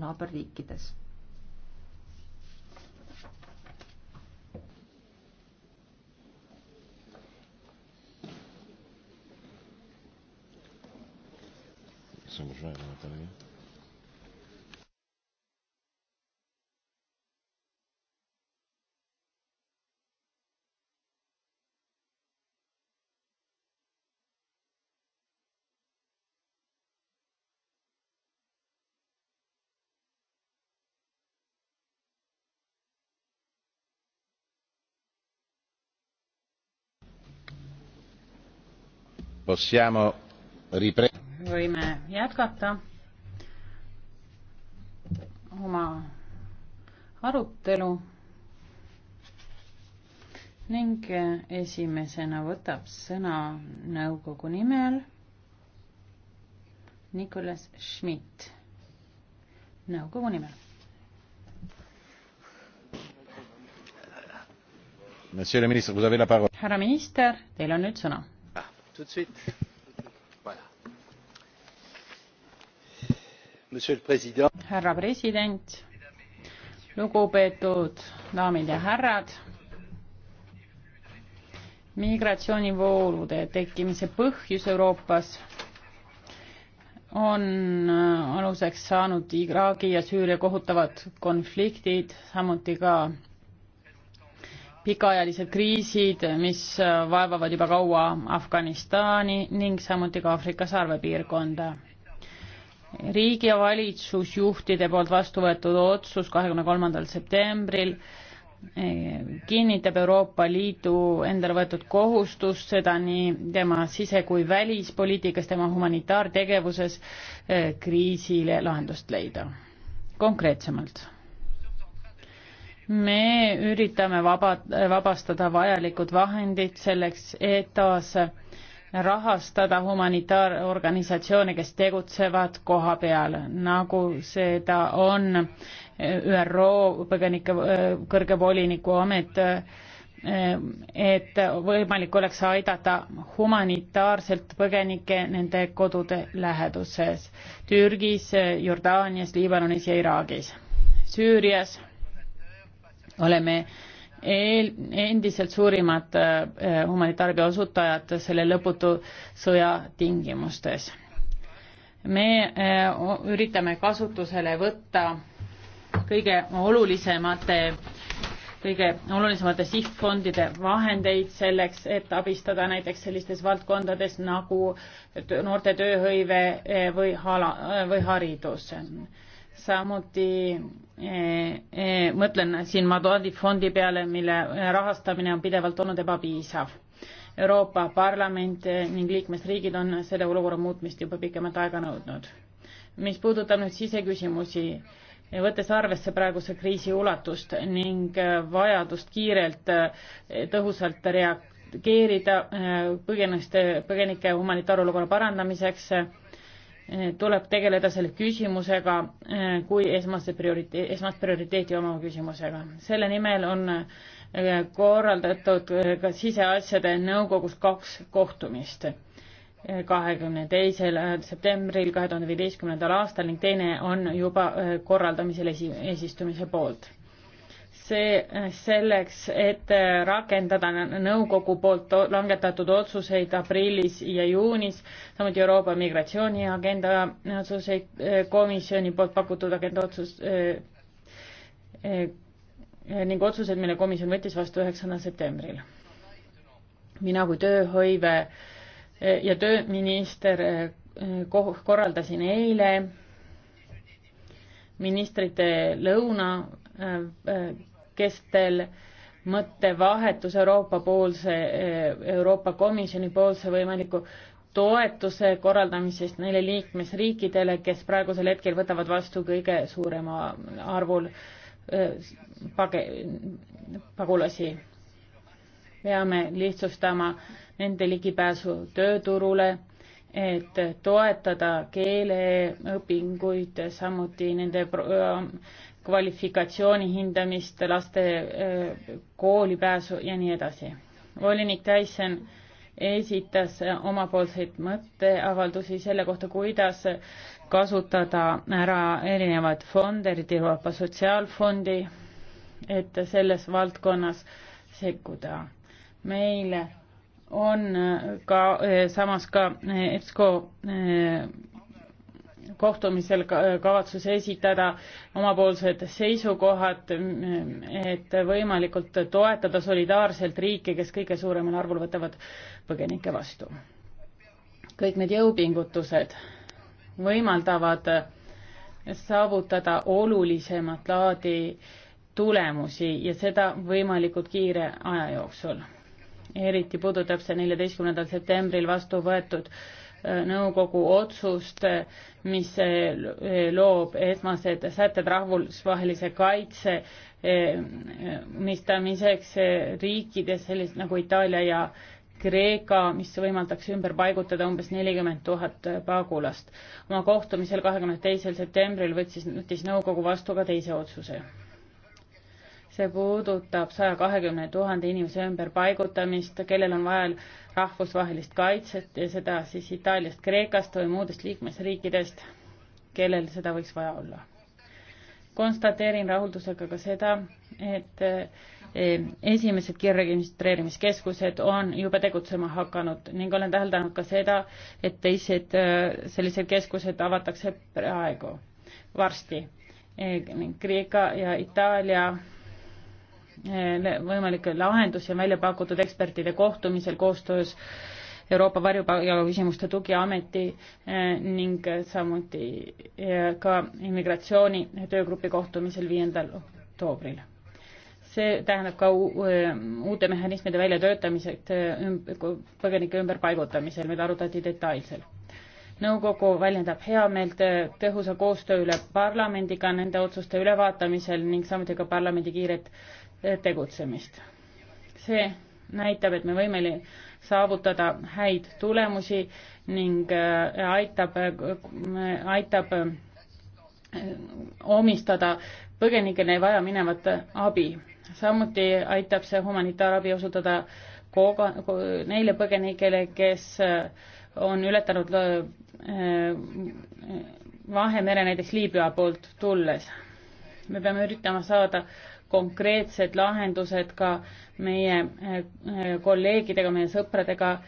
naaberriikides. Jsem možná na tady. võime jätkata oma arutelu ning esimesena võtab sõna nõukogu nimel Nicolas Schmidt nõukogu nimel. härra minister, teil on nüüd sõna tout de suite. Voilà. Monsieur le Président. härra president, lugupeetud daamid ja härrad. migratsioonivoolude tekkimise põhjus Euroopas on äh, aluseks saanud Iraagi ja Süüria kohutavad konfliktid, samuti ka pikaajalised kriisid, mis äh, vaevavad juba kaua Afganistani ning samuti ka Aafrika sarvepiirkonda. riigi ja valitsusjuhtide poolt vastu võetud otsus kahekümne kolmandal septembril äh, kinnitab Euroopa Liidu endale võetud kohustust, seda nii tema sise- kui välispoliitikas, tema humanitaartegevuses äh, kriisile lahendust leida. konkreetsemalt me üritame vaba, vabastada vajalikud vahendid selleks, et taas rahastada humanitaarorganisatsioone, kes tegutsevad koha peal, nagu seda on ÜRO põgenike kõrge voliniku amet, et võimalik oleks aidata humanitaarselt põgenikke nende kodude läheduses Türgis, Jordaanias, Liibanonis ja Iraagis. Süürias oleme eel, endiselt suurimad äh, humanitaarabi osutajad selle lõputu sõja tingimustes. me äh, üritame kasutusele võtta kõige olulisemate, kõige olulisemate sihtfondide vahendeid selleks, et abistada näiteks sellistes valdkondades nagu noorte tööhõive äh, või hala, või haridus samuti eh, eh, mõtlen siin Madodi fondi peale, mille eh, rahastamine on pidevalt olnud ebapiisav. Euroopa Parlament eh, ning liikmesriigid on selle olukorra muutmist juba pikemat aega nõudnud. mis puudutab nüüd siseküsimusi, eh, võttes arvesse praeguse kriisi ulatust ning vajadust kiirelt, tõhusalt reageerida põgeneste, põgenike humanitaarolukorra parandamiseks, Eh, tuleb tegeleda selle küsimusega eh, kui esmase prioriteet, esmast prioriteeti omava küsimusega. selle nimel on eh, korraldatud ka siseasjade nõukogus kaks kohtumist, kahekümne teisel septembril kahe tuhande viieteistkümnendal aastal ning teine on juba korraldamisel esi, eesistumise poolt see selleks, et äh, rakendada nõukogu poolt langetatud otsuseid aprillis ja juunis, samuti Euroopa migratsiooniagenda otsuseid, äh, komisjoni poolt pakutud agenda otsus eh, eh, ning otsused, mille komisjon võttis vastu üheksandal septembril. mina kui tööhõive ja tööminister korraldasin eile ministrite lõuna kestel mõttevahetus Euroopa poolse, Euroopa Komisjoni poolse võimaliku toetuse korraldamisest neile liikmesriikidele, kes praegusel hetkel võtavad vastu kõige suurema arvul page, pagulasi. peame lihtsustama nende ligipääsu tööturule, et toetada keeleõpinguid, samuti nende pro kvalifikatsiooni hindamist, laste eh, koolipääsu ja nii edasi. volinik Tyson esitas omapoolseid mõtteavaldusi selle kohta, kuidas kasutada ära erinevaid fonde, eriti Euroopa Sotsiaalfondi, et selles valdkonnas sekkuda. meil on ka eh, samas ka EBSCO eh, kohtumisel kavatsuse esitada omapoolsed seisukohad, et võimalikult toetada solidaarselt riike, kes kõige suuremal arvul võtavad põgenikke vastu. kõik need jõupingutused võimaldavad saavutada olulisemat laadi tulemusi ja seda võimalikult kiire aja jooksul eriti puudutab see neljateistkümnendal septembril vastu võetud nõukogu otsust, mis loob esmased sätted rahvusvahelise kaitse omistamiseks riikides sellist nagu Itaalia ja Kreeka, mis võimaldaks ümber paigutada umbes nelikümmend tuhat pagulast. oma kohtumisel kahekümne teisel septembril võttis, võttis nõukogu vastu ka teise otsuse see puudutab saja kahekümne tuhande inimese ümberpaigutamist, kellel on vaja rahvusvahelist kaitset ja seda siis Itaaliast, Kreekast või muudest liikmesriikidest, kellel seda võiks vaja olla. konstateerin rahuldusega ka seda, et e, esimesed kiirregistreerimiskeskused on juba tegutsema hakanud ning olen täheldanud ka seda, et teised e, sellised keskused avatakse praegu, varsti. E, Kreeka ja Itaalia Eh, võimalikke lahendusi on välja pakutud ekspertide kohtumisel koostöös Euroopa varjupaiga-küsimuste tugiameti eh, ning samuti eh, ka immigratsiooni töögrupi kohtumisel viiendal oktoobril. see tähendab ka uute mehhanismide väljatöötamised põgenike ümberpaigutamisel, mida arutati detailselt nõukogu väljendab heameelt tõhusa koostöö üle parlamendiga nende otsuste ülevaatamisel ning samuti ka parlamendi kiiret tegutsemist. see näitab, et me võime saavutada häid tulemusi ning äh, aitab, äh, aitab äh, omistada põgenikele vaja minevat abi. samuti aitab see humanitaarabi osutada koga, ko, neile põgenikele, kes äh, on ületanud äh, äh, Vahemere näiteks Liibüa poolt tulles. me peame üritama saada konkreetsed lahendused ka meie äh, kolleegidega, meie sõpradega.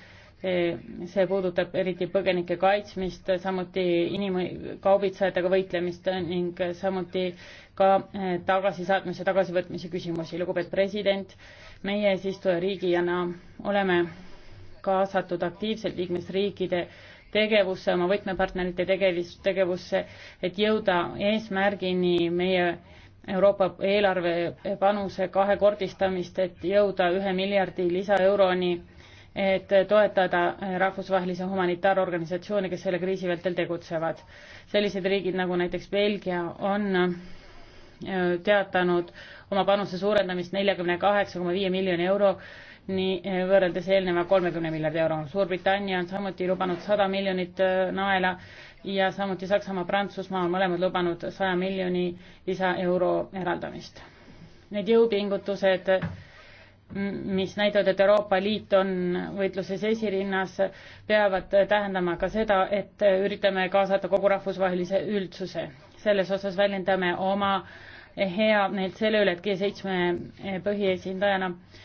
see puudutab eriti põgenike kaitsmist, samuti inimkaubitsejatega võitlemist ning samuti ka tagasisaatmise, tagasivõtmise küsimusi. lugupeetud president, meie eesistujariigina oleme kaasatud aktiivselt liikmesriikide tegevusse, oma võtmepartnerite tegelis-, tegevusse, et jõuda eesmärgini meie Euroopa eelarve panuse kahekordistamist, et jõuda ühe miljardi lisaeuroni, et toetada rahvusvahelise humanitaarorganisatsioone, kes selle kriisi vältel tegutsevad. sellised riigid nagu näiteks Belgia on äh, teatanud oma panuse suurendamist neljakümne kaheksa koma viie miljoni euro nii eh, võrreldes eelneva kolmekümne miljardi euroga. Suurbritannia on samuti lubanud sada miljonit eh, naela ja samuti Saksamaa, Prantsusmaa on mõlemad lubanud saja miljoni lisaeuro eraldamist. Need jõupingutused, mis näitavad, et Euroopa Liit on võitluses esirinnas, peavad tähendama ka seda, et üritame kaasata kogu rahvusvahelise üldsuse. selles osas väljendame oma heameelt selle üle, et G7 eh, põhiesindajana äh,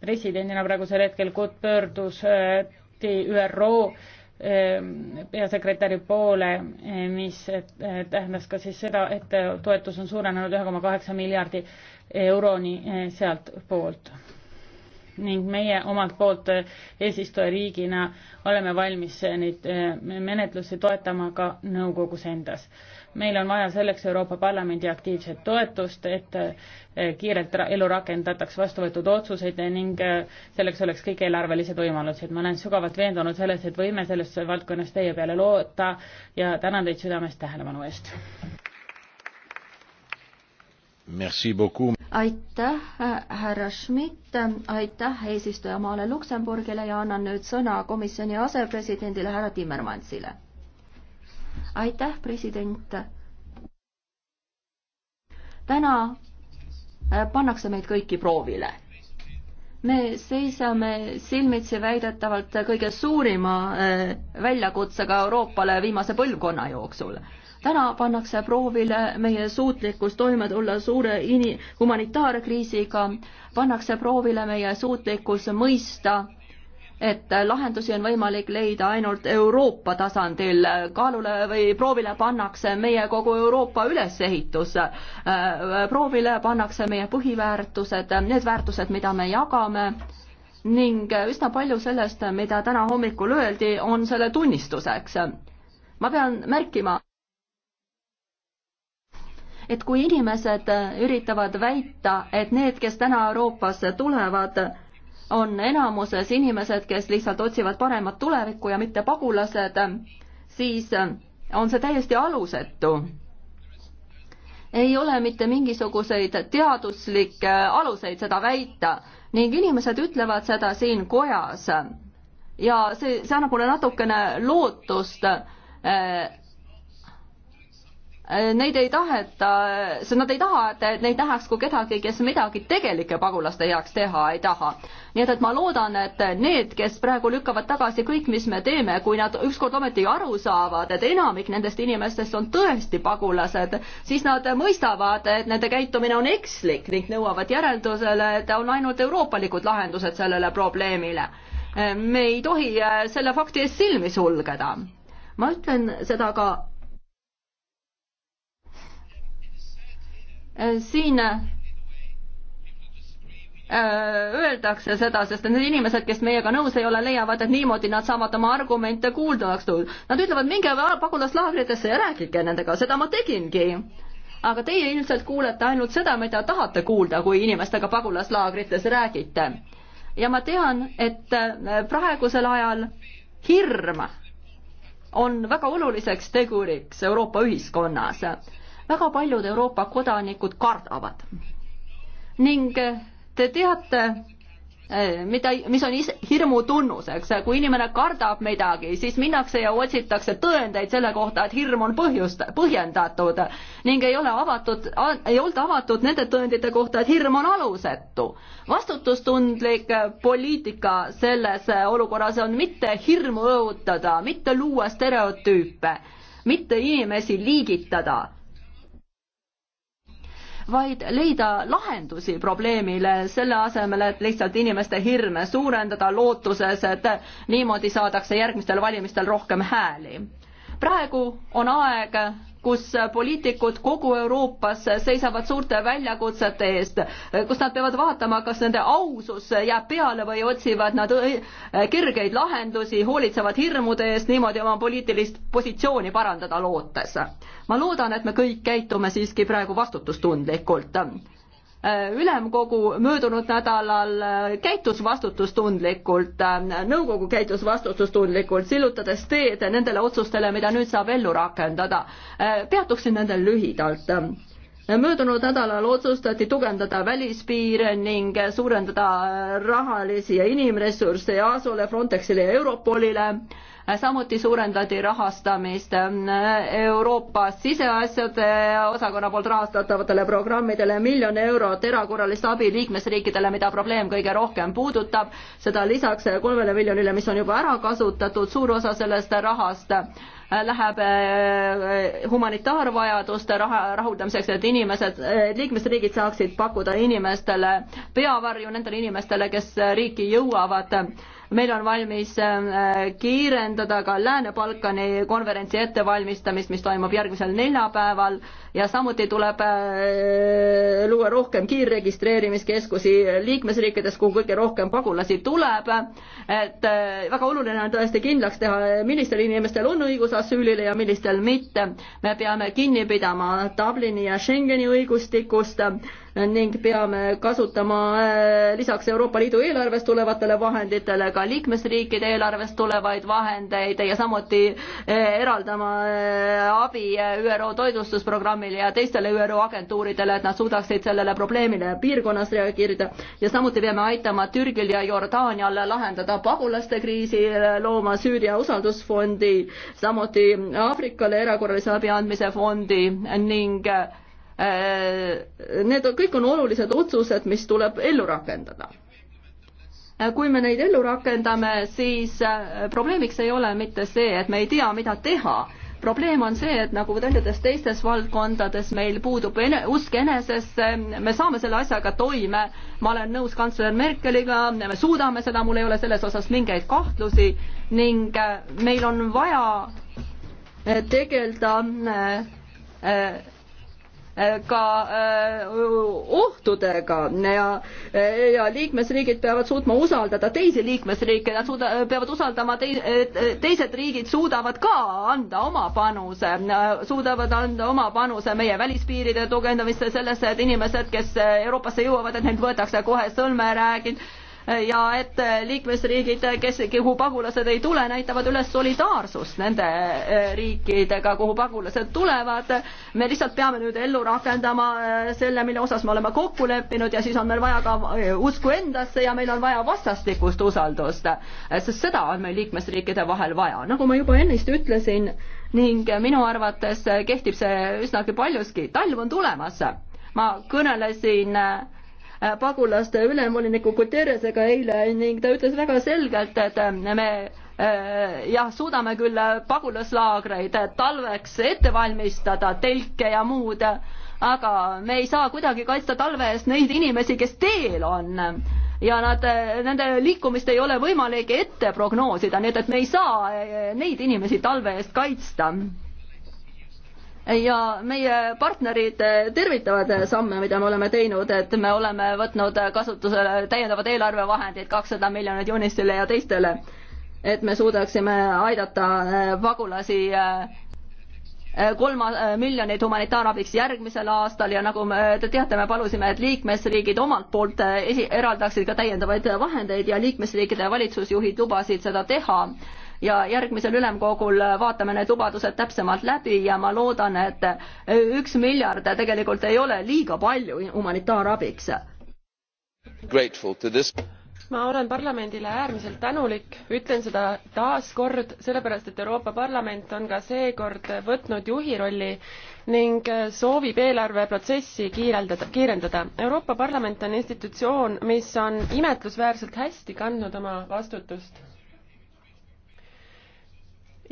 presidendina praegusel hetkel, kui pöördus äh, ÜRO ähm, peasekretäri poole, äh, mis äh, tähendas ka siis seda, et toetus on suurenenud ühe koma kaheksa miljardi euroni sealtpoolt. ning meie omalt poolt eesistujariigina oleme valmis neid menetlusi toetama ka nõukogus endas meil on vaja selleks Euroopa Parlamendi aktiivset toetust, et eh, kiirelt elu rakendataks vastu võetud otsuseid ning eh, selleks oleks kõik eelarvelised võimalused. ma olen sügavalt veendunud selles, et võime selles valdkonnas teie peale loota ja tänan teid südamest tähelepanu eest. aitäh, härra Schmidt, aitäh eesistujamaale Luksemburgile ja annan nüüd sõna komisjoni asepresidendile härra Timmermansile aitäh, president. täna äh, pannakse meid kõiki proovile. me seisame silmitsi väidetavalt kõige suurima äh, väljakutsega Euroopale viimase põlvkonna jooksul täna pannakse proovile meie suutlikkus toime tulla suure ini-, humanitaarkriisiga, pannakse proovile meie suutlikkus mõista et lahendusi on võimalik leida ainult Euroopa tasandil. kaalule või proovile pannakse meie kogu Euroopa ülesehitus. Äh, proovile pannakse meie põhiväärtused, need väärtused, mida me jagame ning üsna palju sellest, mida täna hommikul öeldi, on selle tunnistuseks. ma pean märkima, et kui inimesed üritavad väita, et need, kes täna Euroopasse tulevad, on enamuses inimesed, kes lihtsalt otsivad paremat tulevikku ja mitte pagulased, siis on see täiesti alusetu. ei ole mitte mingisuguseid teaduslikke aluseid seda väita ning inimesed ütlevad seda siin kojas. ja see, see annab mulle natukene lootust Äh, neid ei taheta, nad ei taha, et neid nähaks kui kedagi, kes midagi tegelike pagulaste heaks teha ei taha. nii et, et ma loodan, et need, kes praegu lükkavad tagasi kõik, mis me teeme, kui nad ükskord ometi aru saavad, et enamik nendest inimestest on tõesti pagulased, siis nad mõistavad, et nende käitumine on ekslik ning nõuavad järeldusele, et on ainult euroopalikud lahendused sellele probleemile. Äh, me ei tohi äh, selle fakti eest silmi sulgeda. ma ütlen seda ka Äh, siin äh, öeldakse seda, sest need inimesed, kes meiega nõus ei ole, leiavad, et niimoodi nad saavad oma argumente kuuldavaks tulla. Nad ütlevad, minge pagulaslaagritesse ja rääkige nendega, seda ma tegingi. aga teie ilmselt kuulete ainult seda, mida tahate kuulda, kui inimestega pagulaslaagrites räägite. ja ma tean, et äh, praegusel ajal hirm on väga oluliseks teguriks Euroopa ühiskonnas väga paljud Euroopa kodanikud kardavad. ning te teate, eh, mida, mis on is-, hirmu tunnuseks, kui inimene kardab midagi, siis minnakse ja otsitakse tõendeid selle kohta, et hirm on põhjust, põhjendatud ning ei ole avatud, ei olda avatud nende tõendite kohta, et hirm on alusetu. vastutustundlik poliitika selles olukorras on mitte hirmu õhutada, mitte luua stereotüüpe, mitte inimesi liigitada vaid leida lahendusi probleemile, selle asemel, et lihtsalt inimeste hirme suurendada lootuses, et niimoodi saadakse järgmistel valimistel rohkem hääli. praegu on aeg kus poliitikud kogu Euroopas seisavad suurte väljakutsete eest, kus nad peavad vaatama, kas nende ausus jääb peale või otsivad nad kergeid lahendusi, hoolitsevad hirmude eest, niimoodi oma poliitilist positsiooni parandada lootes. ma loodan, et me kõik käitume siiski praegu vastutustundlikult Äh, ülemkogu möödunud nädalal äh, käitus vastutustundlikult, äh, nõukogu käitus vastutustundlikult, sillutades teed nendele otsustele, mida nüüd saab ellu rakendada. peatuksin nendel lühidalt möödunud nädalal otsustati tugevdada välispiire ning suurendada rahalisi ja inimressursse EASO-le, Frontexile ja Europolile samuti suurendati rahastamist ähm, Euroopa siseasjade osakonna poolt rahastatavatele programmidele miljon eurot erakorralist abi liikmesriikidele, mida probleem kõige rohkem puudutab, seda lisaks kolmele miljonile, mis on juba ära kasutatud, suur osa sellest rahast äh, läheb äh, humanitaarvajaduste raha rahuldamiseks, et inimesed, liikmesriigid saaksid pakkuda inimestele peavarju, nendele inimestele, kes riiki jõuavad meil on valmis äh, kiirendada ka Lääne-Balkani konverentsi ettevalmistamist, mis toimub järgmisel neljapäeval ja samuti tuleb äh, luua rohkem kiirregistreerimiskeskusi liikmesriikides, kuhu kõige rohkem pagulasi tuleb. et äh, väga oluline on tõesti kindlaks teha, millistel inimestel on õigus asüülile ja millistel mitte. me peame kinni pidama Dublini ja Schengeni õigustikust ning peame kasutama äh, lisaks Euroopa Liidu eelarvest tulevatele vahenditele ka liikmesriikide eelarvest tulevaid vahendeid ja samuti äh, eraldama äh, abi ÜRO toitlustusprogrammile ja teistele ÜRO agentuuridele, et nad suudaksid sellele probleemile piirkonnas reageerida ja samuti peame aitama Türgil ja Jordaanial lahendada pagulaste kriisi, looma Süüria usaldusfondi, samuti Aafrikale erakorralise abi andmise fondi ning Äh, need kõik on olulised otsused, mis tuleb ellu rakendada äh, kui me neid ellu rakendame, siis äh, probleemiks ei ole mitte see, et me ei tea, mida teha. probleem on see, et nagu paljudes teistes valdkondades meil puudub ene, usk enesesse, me saame selle asjaga toime. ma olen nõus kantsler Merkeliga, me suudame seda, mul ei ole selles osas mingeid kahtlusi ning meil on vaja tegeleda äh, äh, Äh, ka äh, ohtudega ja, äh, ja liikmesriigid peavad suutma usaldada teisi liikmesriike, nad suuda, peavad usaldama tei-, teised riigid suudavad ka anda oma panuse, suudavad anda oma panuse meie välispiiride tugevdamisse, sellesse, et inimesed, kes Euroopasse jõuavad, et neid võetakse kohe sõlmeräägid ja et liikmesriigid, kes, kuhu pagulased ei tule, näitavad üles solidaarsust nende e, riikidega, kuhu pagulased tulevad. me lihtsalt peame nüüd ellu rakendama e, selle, mille osas me oleme kokku leppinud ja siis on meil vaja ka e, usku endasse ja meil on vaja vastastikust usaldust, sest seda on meil liikmesriikide vahel vaja, nagu ma juba ennist ütlesin ning minu arvates kehtib see üsnagi paljuski, talv on tulemas ma kõnelesin Äh, pagulaste ülemvoliniku Guterresega eile ning ta ütles väga selgelt, et äh, me äh, jah, suudame küll pagulaslaagreid talveks ette valmistada, telke ja muud, aga me ei saa kuidagi kaitsta talve eest neid inimesi, kes teel on. ja nad, nende liikumist ei ole võimalik ette prognoosida, nii et, et me ei saa neid inimesi talve eest kaitsta ja meie partnerid tervitavad samme, mida me oleme teinud, et me oleme võtnud kasutusele täiendavad eelarvevahendid, kakssada miljonit UNICEF-ile ja teistele, et me suudaksime aidata äh, pagulasi äh, kolm äh, miljonit humanitaarabiks järgmisel aastal ja nagu te teate, me palusime, et liikmesriigid omalt poolt esi-, eraldaksid ka täiendavaid vahendeid ja liikmesriikide valitsusjuhid lubasid seda teha ja järgmisel ülemkogul vaatame need lubadused täpsemalt läbi ja ma loodan, et üks miljard tegelikult ei ole liiga palju humanitaarabiks. ma olen parlamendile äärmiselt tänulik, ütlen seda taas kord, sellepärast et Euroopa Parlament on ka seekord võtnud juhi rolli ning soovib eelarveprotsessi kiireldada, kiirendada. Euroopa Parlament on institutsioon, mis on imetlusväärselt hästi kandnud oma vastutust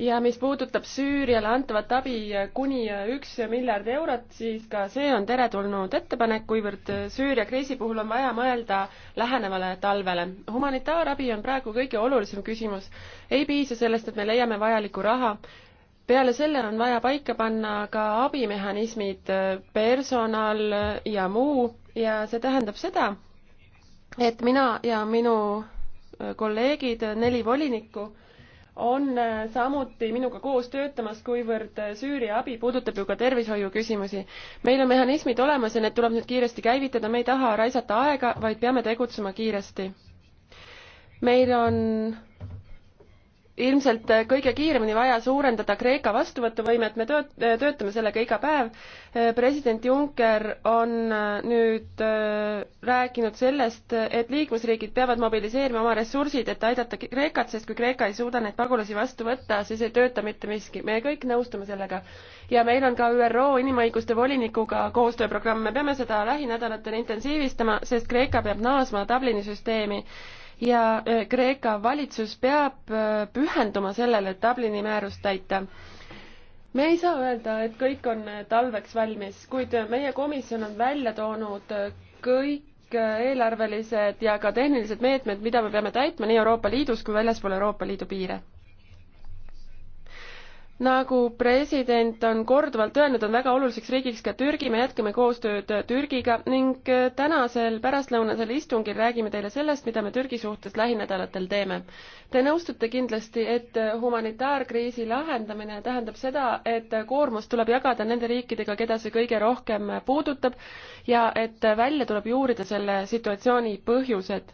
ja mis puudutab Süüriale antavat abi kuni üks miljard eurot, siis ka see on teretulnud ettepanek, kuivõrd Süüria kriisi puhul on vaja mõelda lähenevale talvele. humanitaarabi on praegu kõige olulisem küsimus. ei piisa sellest, et me leiame vajaliku raha, peale selle on vaja paika panna ka abimehhanismid, personal ja muu ja see tähendab seda, et mina ja minu kolleegid, neli volinikku, on äh, samuti minuga koos töötamas, kuivõrd äh, Süüria abi puudutab ju ka tervishoiuküsimusi. meil on mehhanismid olemas ja need tuleb nüüd kiiresti käivitada, me ei taha raisata aega, vaid peame tegutsema kiiresti. meil on ilmselt kõige kiiremini vaja suurendada Kreeka vastuvõtuvõimet, me tööt-, töötame sellega iga päev. president Juncker on äh, nüüd äh, rääkinud sellest, et liikmesriigid peavad mobiliseerima oma ressursid, et aidata Kreekat, sest kui Kreeka ei suuda neid pagulasi vastu võtta, siis ei tööta mitte miski. me kõik nõustume sellega. ja meil on ka ÜRO inimõiguste volinikuga koostööprogramm, me peame seda lähinädalatel intensiivistama, sest Kreeka peab naasma Dublini süsteemi ja äh, Kreeka valitsus peab äh, pühenduma sellele, et Dublini määrust täita me ei saa öelda, et kõik on äh, talveks valmis, kuid meie komisjon on välja toonud kõik eelarvelised ja ka tehnilised meetmed, mida me peame täitma nii Euroopa Liidus kui väljaspool Euroopa Liidu piire nagu president on korduvalt öelnud, on väga oluliseks riigiks ka Türgi, me jätkame koostööd Türgiga ning äh, tänasel pärastlõunasel istungil räägime teile sellest, mida me Türgi suhtes lähinädalatel teeme. Te nõustute kindlasti, et äh, humanitaarkriisi lahendamine tähendab seda, et äh, koormust tuleb jagada nende riikidega, keda see kõige rohkem puudutab ja et välja tuleb juurida selle situatsiooni põhjused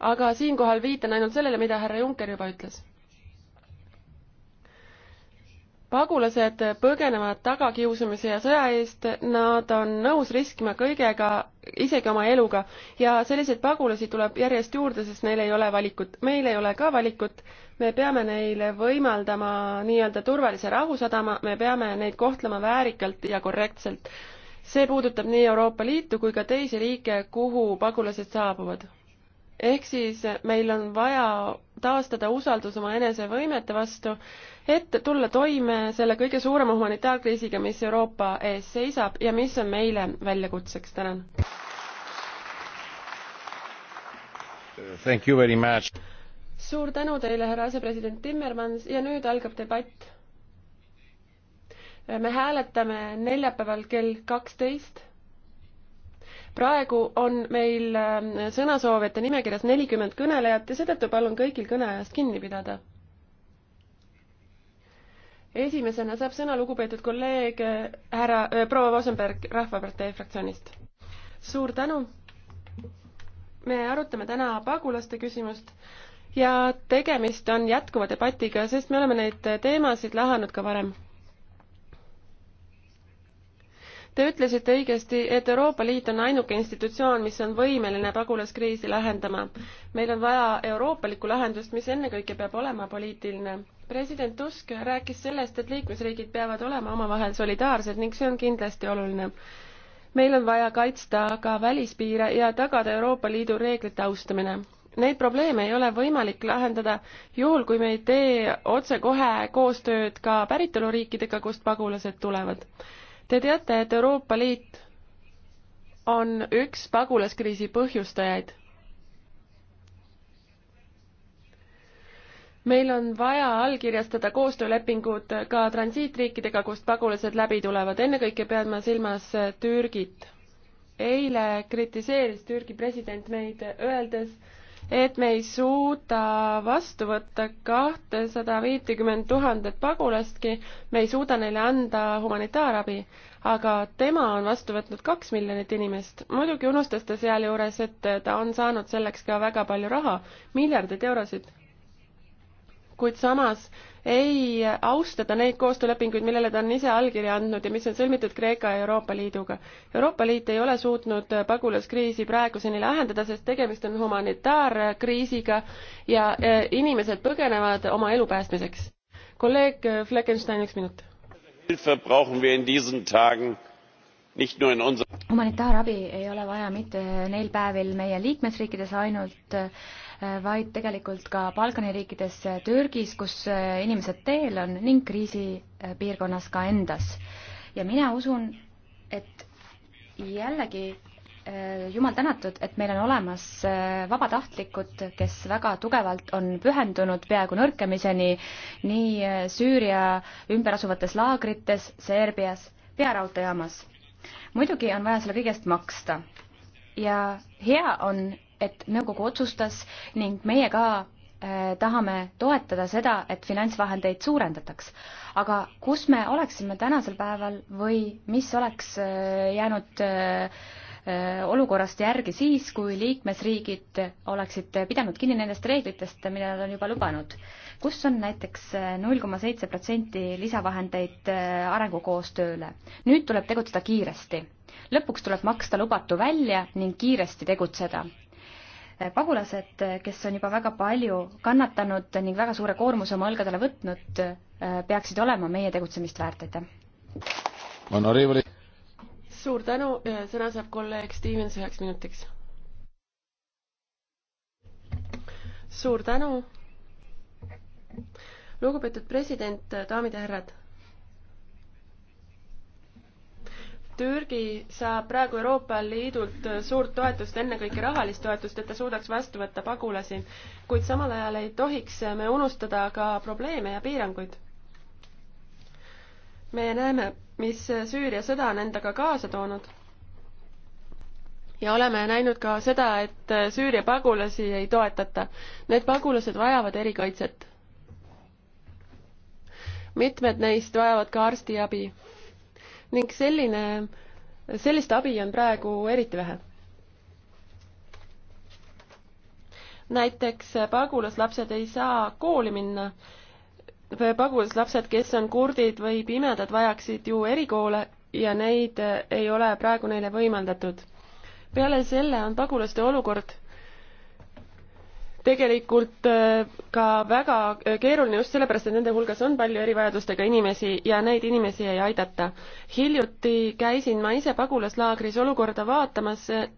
aga siinkohal viitan ainult sellele, mida härra Juncker juba ütles. pagulased põgenevad tagakiusamise ja sõja eest, nad on nõus riskima kõigega, isegi oma eluga, ja selliseid pagulasi tuleb järjest juurde, sest neil ei ole valikut. meil ei ole ka valikut, me peame neile võimaldama nii-öelda turvalise rahusadama, me peame neid kohtlema väärikalt ja korrektselt. see puudutab nii Euroopa Liitu kui ka teisi riike, kuhu pagulased saabuvad ehk siis meil on vaja taastada usaldus oma enesevõimete vastu, et tulla toime selle kõige suurema humanitaarkriisiga, mis Euroopa ees seisab ja mis on meile väljakutseks, tänan. suur tänu teile, härra asepresident Timmermans ja nüüd algab debatt. me hääletame neljapäeval kell kaksteist praegu on meil äh, sõnasoovijate nimekirjas nelikümmend kõnelejat ja seetõttu palun kõigil kõneajast kinni pidada. esimesena saab sõna lugupeetud kolleeg äh, härra äh, proua Vosenberg Rahvapartei fraktsioonist. suur tänu. me arutame täna pagulaste küsimust ja tegemist on jätkuva debatiga, sest me oleme neid teemasid lahanud ka varem Te ütlesite õigesti, et Euroopa Liit on ainuke institutsioon, mis on võimeline pagulaskriisi lahendama. meil on vaja euroopalikku lahendust, mis ennekõike peab olema poliitiline. president Tusk rääkis sellest, et liikmesriigid peavad olema omavahel solidaarsed ning see on kindlasti oluline. meil on vaja kaitsta ka välispiire ja tagada Euroopa Liidu reeglite austamine neid probleeme ei ole võimalik lahendada juhul, kui me ei tee otsekohe koostööd ka päritoluriikidega, kust pagulased tulevad. Te teate, et Euroopa Liit on üks pagulaskriisi põhjustajaid. meil on vaja allkirjastada koostöölepingud ka transiitriikidega, kust pagulased läbi tulevad, ennekõike pean ma silmas eh, Türgit. eile kritiseeris Türgi president meid, öeldes, et me ei suuda vastu võtta kahtesada viitekümmet tuhandet pagulastki, me ei suuda neile anda humanitaarabi, aga tema on vastu võtnud kaks miljonit inimest. muidugi unustas ta sealjuures, et ta on saanud selleks ka väga palju raha, miljardeid eurosid. kuid samas ei austada neid koostöölepinguid, millele ta on ise allkirja andnud ja mis on sõlmitud Kreeka ja Euroopa Liiduga. Euroopa Liit ei ole suutnud pagulaskriisi praeguseni lahendada, sest tegemist on humanitaarkriisiga ja e, inimesed põgenevad oma elu päästmiseks. kolleeg Fleckenstein, üks minut. Hilfe brauchen wir in diesen Tagen humanitaarabi ei ole vaja mitte neil päevil meie liikmesriikides ainult äh, Äh, vaid tegelikult ka Balkani riikides äh, Türgis, kus äh, inimesed teel on ning kriisipiirkonnas ka endas. ja mina usun, et jällegi jumal tänatud, et meil on olemas vabatahtlikud, kes väga tugevalt on pühendunud peaaegu nõrkemiseni nii Süüria ümber asuvates laagrites, Serbias, pearaudteejaamas. muidugi on vaja selle kõigest maksta ja hea on, et nõukogu otsustas ning meie ka äh, tahame toetada seda, et finantsvahendeid suurendataks. aga kus me oleksime tänasel päeval või mis oleks äh, jäänud äh, olukorrast järgi siis, kui liikmesriigid oleksid pidanud kinni nendest reeglitest, mida nad on juba lubanud. kus on näiteks null koma seitse protsenti lisavahendeid arengukoostööle? nüüd tuleb tegutseda kiiresti. lõpuks tuleb maksta lubatu välja ning kiiresti tegutseda Äh, pagulased, äh, kes on juba väga palju kannatanud ning väga suure koormuse oma õlgadele võtnud, äh, peaksid olema meie tegutsemist väärt, aitäh! suur tänu, sõna saab kolleeg Stevens üheks minutiks. suur tänu! lugupeetud president, daamid ja härrad Türgi saab praegu Euroopa Liidult suurt toetust, ennekõike rahalist toetust, et ta suudaks vastu võtta pagulasi, kuid samal ajal ei tohiks me unustada ka probleeme ja piiranguid. me näeme, mis Süüria sõda on endaga kaasa toonud. ja oleme näinud ka seda, et Süüria pagulasi ei toetata. Need pagulased vajavad erikaitset. mitmed neist vajavad ka arstiabi ning selline, sellist abi on praegu eriti vähe. näiteks pagulaslapsed ei saa kooli minna. pagulaslapsed, kes on kurdid või pimedad, vajaksid ju erikoole ja neid ei ole praegu neile võimaldatud. peale selle on pagulaste olukord tegelikult äh, ka väga äh, keeruline just sellepärast, et nende hulgas on palju erivajadustega inimesi ja neid inimesi ei aidata. hiljuti käisin ma ise pagulaslaagris olukorda vaatamas. Äh,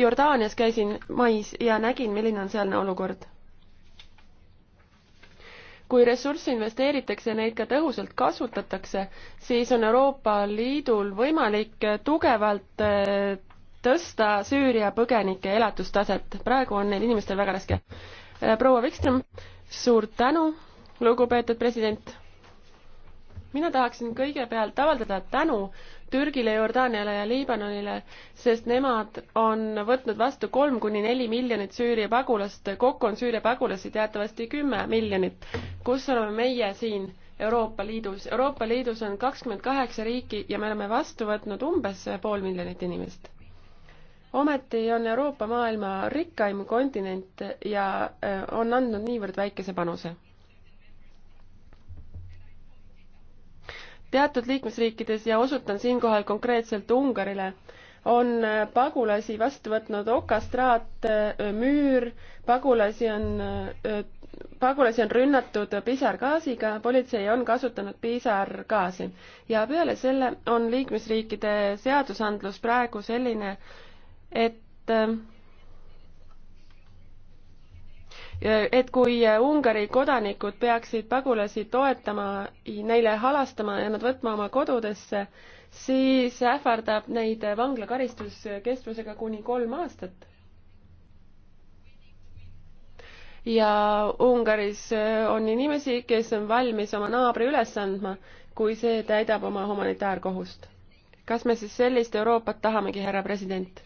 Jordaanias käisin mais ja nägin, milline on sealne olukord. kui ressursse investeeritakse ja neid ka tõhusalt kasutatakse, siis on Euroopa Liidul võimalik tugevalt tõsta Süüria põgenike elatustaset, praegu on neil inimestel väga raske. Äh, proua Vikström, suur tänu, lugupeetud president. mina tahaksin kõigepealt avaldada tänu Türgile, Jordaaniale ja Liibanonile, sest nemad on võtnud vastu kolm kuni neli miljonit Süüria pagulast, kokku on Süüria pagulasi teatavasti kümme miljonit. kus oleme meie siin Euroopa Liidus? Euroopa Liidus on kakskümmend kaheksa riiki ja me oleme vastu võtnud umbes pool miljonit inimest ometi on Euroopa maailma rikkaim kontinent ja äh, on andnud niivõrd väikese panuse. teatud liikmesriikides ja osutan siinkohal konkreetselt Ungarile, on äh, pagulasi vastu võtnud okastraat, äh, müür, pagulasi on, pagulasi on rünnatud pisargaasiga, politsei on kasutanud pisargaasi ja peale selle on liikmesriikide seadusandlus praegu selline, et äh, et kui äh, Ungari kodanikud peaksid pagulasi toetama, neile halastama ja nad võtma oma kodudesse, siis ähvardab neid vanglakaristus kestvusega kuni kolm aastat. ja Ungaris äh, on inimesi, kes on valmis oma naabri üles andma, kui see täidab oma humanitaarkohust. kas me siis sellist Euroopat tahamegi, härra president?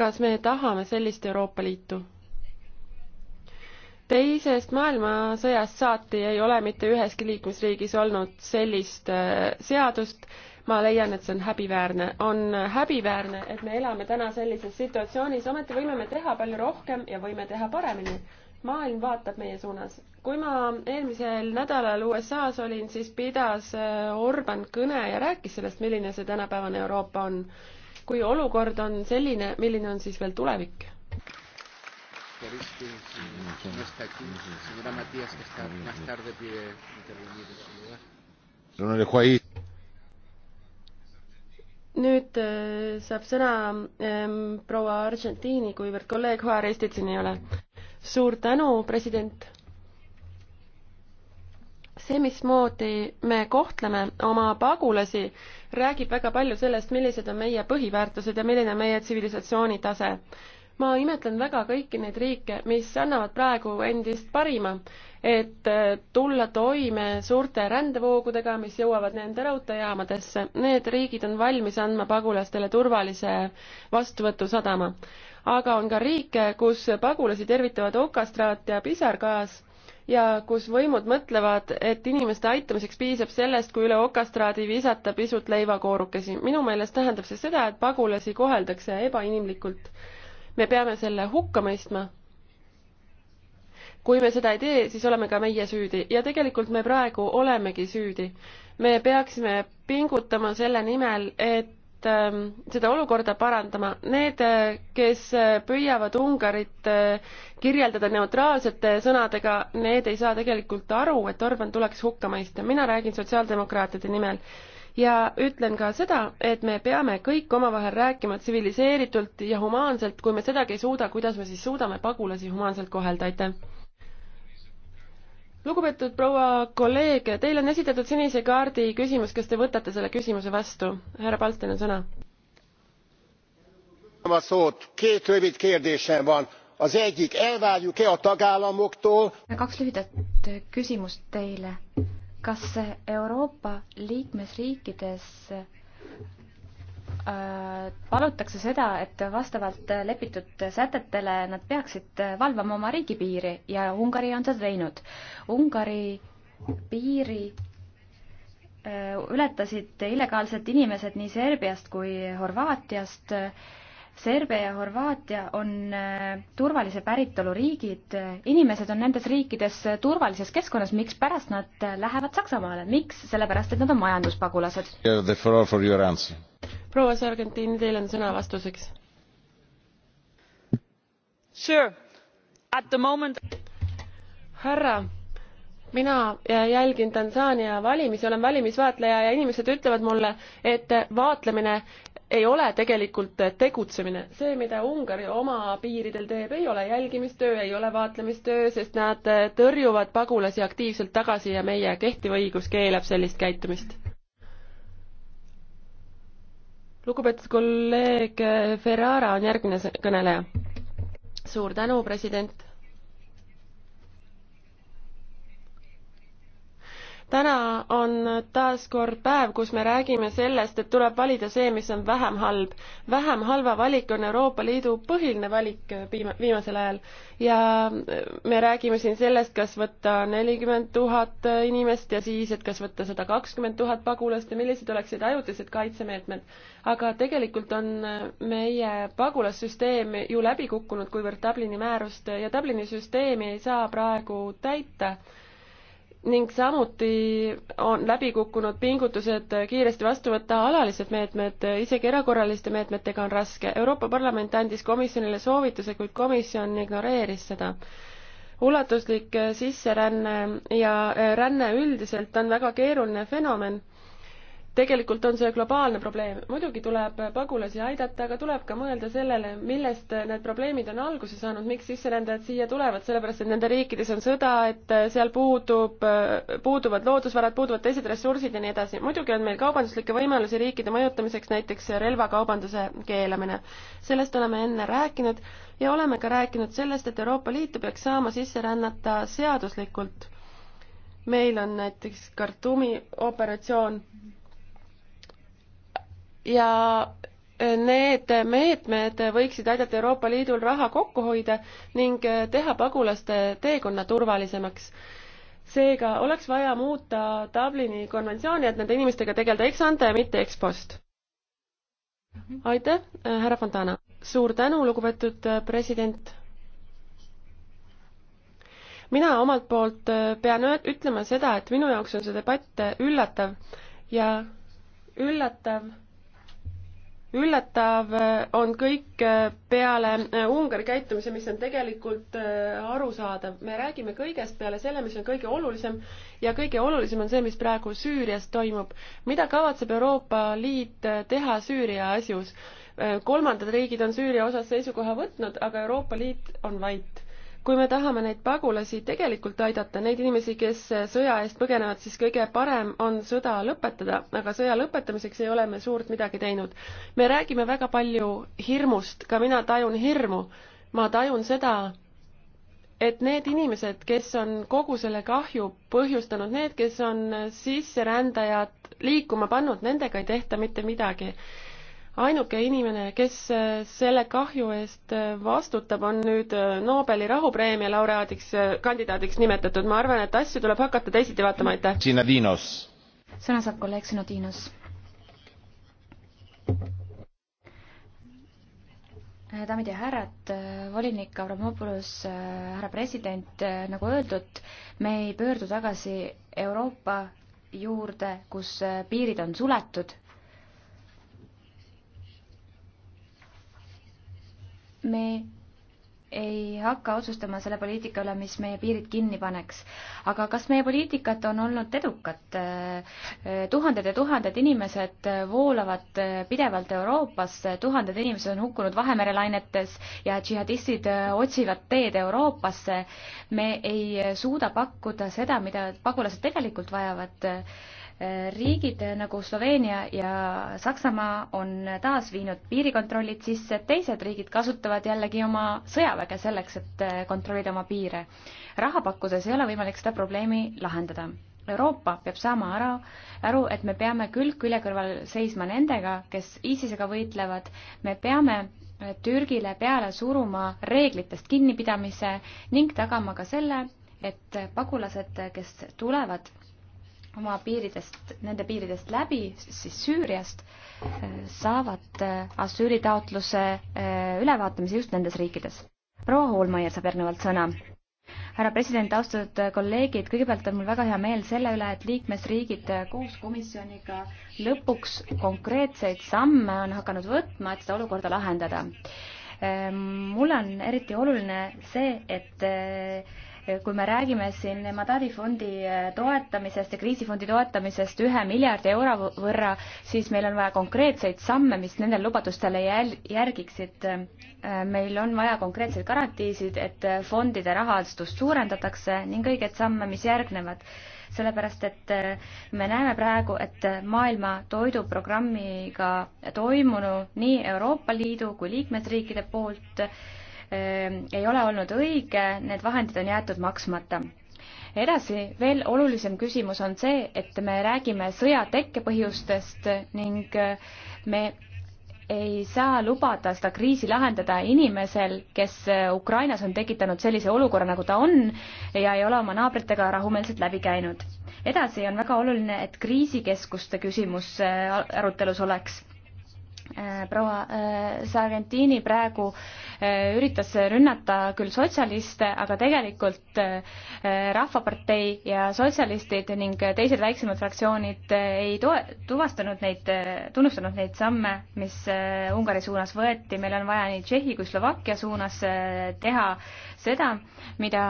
kas me tahame sellist Euroopa Liitu? teisest maailmasõjast saati ei ole mitte üheski liikmesriigis olnud sellist äh, seadust, ma leian, et see on häbiväärne. on häbiväärne, et me elame täna sellises situatsioonis, ometi võime me teha palju rohkem ja võime teha paremini. maailm vaatab meie suunas. kui ma eelmisel nädalal USA-s olin, siis pidas äh, Orban kõne ja rääkis sellest, milline see tänapäevane Euroopa on kui olukord on selline, milline on siis veel tulevik? nüüd äh, saab sõna ähm, proua Argentiini, kuivõrd kolleeg Juarez teid siin ei ole. suur tänu, president see, mismoodi me kohtleme oma pagulasi, räägib väga palju sellest, millised on meie põhiväärtused ja milline on meie tsivilisatsiooni tase. ma imetlen väga kõiki neid riike, mis annavad praegu endist parima, et äh, tulla toime suurte rändevoogudega, mis jõuavad nende raudteejaamadesse. Need riigid on valmis andma pagulastele turvalise vastuvõtusadama aga on ka riike, kus pagulasi tervitavad okastraat ja pisargaas ja kus võimud mõtlevad, et inimeste aitamiseks piisab sellest, kui üle okastraadi visata pisut leivakoorukesi. minu meelest tähendab see seda, et pagulasi koheldakse ebainimlikult. me peame selle hukka mõistma. kui me seda ei tee, siis oleme ka meie süüdi ja tegelikult me praegu olemegi süüdi. me peaksime pingutama selle nimel, et Ähm, seda olukorda parandama. Need, äh, kes äh, püüavad Ungarit äh, kirjeldada neutraalsete sõnadega, need ei saa tegelikult aru, et Orban tuleks hukka mõista. mina räägin sotsiaaldemokraatide nimel ja ütlen ka seda, et me peame kõik omavahel rääkima tsiviliseeritult ja humaanselt, kui me sedagi ei suuda, kuidas me siis suudame pagulasi humaanselt kohelda, aitäh! lugupeetud proua kolleeg, teile on esitatud sinise kaardi küsimus, kas te võtate selle küsimuse vastu? härra Palt, teil on sõna. a szót. Két rövid kérdésem van. Az egyik, elvárjuk-e a tagállamoktól? Kaks lühidat küsimust teile. Kas Euroopa liikmesriikides Äh, palutakse seda, et vastavalt lepitud sätetele nad peaksid valvama oma riigipiiri ja Ungari on seda teinud. Ungari piiri äh, ületasid illegaalsed inimesed nii Serbiast kui Horvaatiast. Serbia ja Horvaatia on äh, turvalise päritolu riigid, inimesed on nendes riikides turvalises keskkonnas, mikspärast nad lähevad Saksamaale, miks? sellepärast, et nad on majanduspagulased proua Sargentini, teil on sõna vastuseks. härra mina jälgin Tansaania valimisi, olen valimisvaatleja ja inimesed ütlevad mulle, et vaatlemine ei ole tegelikult tegutsemine. see, mida Ungari oma piiridel teeb, ei ole jälgimistöö, ei ole vaatlemistöö, sest nad tõrjuvad pagulasi aktiivselt tagasi ja meie kehtiv õigus keelab sellist käitumist lugupeetud kolleeg Ferrara on järgmine kõneleja. suur tänu, president täna on taas kord päev, kus me räägime sellest, et tuleb valida see, mis on vähem halb. vähem halva valik on Euroopa Liidu põhiline valik äh, viimasel ajal ja äh, me räägime siin sellest, kas võtta nelikümmend tuhat äh, inimest ja siis, et kas võtta sada kakskümmend tuhat pagulast ja millised oleksid ajutised kaitsemeetmed. aga tegelikult on meie pagulassüsteem ju läbi kukkunud, kuivõrd Dublini määrust ja Dublini süsteemi ei saa praegu täita ning samuti on läbi kukkunud pingutused kiiresti vastu võtta alalised meetmed, isegi erakorraliste meetmetega on raske. Euroopa Parlament andis komisjonile soovituse, kuid komisjon ignoreeris seda. ulatuslik sisseränne ja ränne üldiselt on väga keeruline fenomen tegelikult on see globaalne probleem. muidugi tuleb pagulasi aidata, aga tuleb ka mõelda sellele, millest need probleemid on alguse saanud, miks sisserändajad siia tulevad, sellepärast et nende riikides on sõda, et seal puudub, puuduvad loodusvarad, puuduvad teised ressursid ja nii edasi. muidugi on meil kaubanduslikke võimalusi riikide mõjutamiseks, näiteks relvakaubanduse keelamine. sellest oleme enne rääkinud ja oleme ka rääkinud sellest, et Euroopa Liitu peaks saama sisse rännata seaduslikult meil on näiteks Khartoumi operatsioon, ja äh, need meetmed võiksid aidata Euroopa Liidul raha kokku hoida ning äh, teha pagulaste teekonna turvalisemaks. seega oleks vaja muuta Dublini konventsiooni, et nende inimestega tegeleda ex-ante, mitte ex-post. aitäh, äh, härra Fontana. suur tänu, lugupeetud president. mina omalt poolt pean ütlema seda, et minu jaoks on see debatt üllatav ja üllatav üllatav on kõik peale äh, Ungari käitumise, mis on tegelikult äh, arusaadav. me räägime kõigest peale selle, mis on kõige olulisem ja kõige olulisem on see, mis praegu Süürias toimub. mida kavatseb Euroopa Liit äh, teha Süüria asjus? kolmandad riigid on Süüria osas seisukoha võtnud, aga Euroopa Liit on vait kui me tahame neid pagulasi tegelikult aidata, neid inimesi, kes sõja eest põgenevad, siis kõige parem on sõda lõpetada, aga sõja lõpetamiseks ei ole me suurt midagi teinud. me räägime väga palju hirmust, ka mina tajun hirmu. ma tajun seda, et need inimesed, kes on kogu selle kahju põhjustanud, need, kes on sisserändajad liikuma pannud, nendega ei tehta mitte midagi ainuke inimene, kes äh, selle kahju eest äh, vastutab, on nüüd äh, Nobeli rahupreemia laureaadiks, kandidaadiks nimetatud. ma arvan, et asju tuleb hakata teisiti vaatama, aitäh. Sinadinos. sõna saab kolleeg Sinadinos. daamid ja härrad, volinik Avramopoulos, härra president, nagu öeldud, me ei pöördu tagasi Euroopa juurde, kus piirid on suletud me ei hakka otsustama selle poliitika üle, mis meie piirid kinni paneks. aga kas meie poliitikat on olnud edukat? Äh, tuhanded ja tuhanded inimesed voolavad äh, pidevalt Euroopasse, tuhanded inimesed on hukkunud Vahemere lainetes ja džihadistid äh, otsivad teed Euroopasse. me ei suuda pakkuda seda, mida pagulased tegelikult vajavad riigid nagu Sloveenia ja Saksamaa on taas viinud piirikontrollid sisse, teised riigid kasutavad jällegi oma sõjaväge selleks, et eh, kontrollida oma piire. raha pakkudes ei ole võimalik seda probleemi lahendada. Euroopa peab saama aru, aru, et me peame külg külje kõrval seisma nendega, kes ISISega võitlevad, me peame eh, Türgile peale suruma reeglitest kinnipidamise ning tagama ka selle, et pagulased, kes tulevad oma piiridest, nende piiridest läbi, siis Süüriast, äh, saavad äh, asüüli taotluse äh, ülevaatamise just nendes riikides. proua Hoolmaier saab järgnevalt sõna härra president, austatud kolleegid, kõigepealt on mul väga hea meel selle üle, et liikmesriigid koos komisjoniga lõpuks konkreetseid samme on hakanud võtma, et seda olukorda lahendada. mulle on eriti oluline see, et kui me räägime siin Madari fondi eh, toetamisest ja kriisifondi toetamisest ühe miljardi euro võrra, siis meil on vaja konkreetseid samme, mis nendele lubadustele jäl-, järgiksid. Eh, meil on vaja konkreetseid garantiisid, et eh, fondide rahastust suurendatakse ning õigeid samme, mis järgnevad sellepärast et me näeme praegu, et maailma toiduprogrammiga toimunu nii Euroopa Liidu kui liikmesriikide poolt äh, Ehm, ei ole olnud õige, need vahendid on jäetud maksmata edasi, veel olulisem küsimus on see, et me räägime sõja tekkepõhjustest ning eh, me ei saa lubada seda kriisi lahendada inimesel, kes eh, Ukrainas on tekitanud sellise olukorra, nagu ta on ja ei ole oma naabritega rahumeelselt läbi käinud. edasi on väga oluline, et kriisikeskuste küsimus eh, arutelus oleks Äh, proua äh, Sargentini praegu äh, üritas rünnata küll sotsialiste, aga tegelikult Rahvapartei ja sotsialistid ning teised väiksemad fraktsioonid ei toe-, tuvastanud neid, tunnustanud neid samme, mis Ungari suunas võeti, meil on vaja nii Tšehhi kui Slovakkia suunas teha seda, mida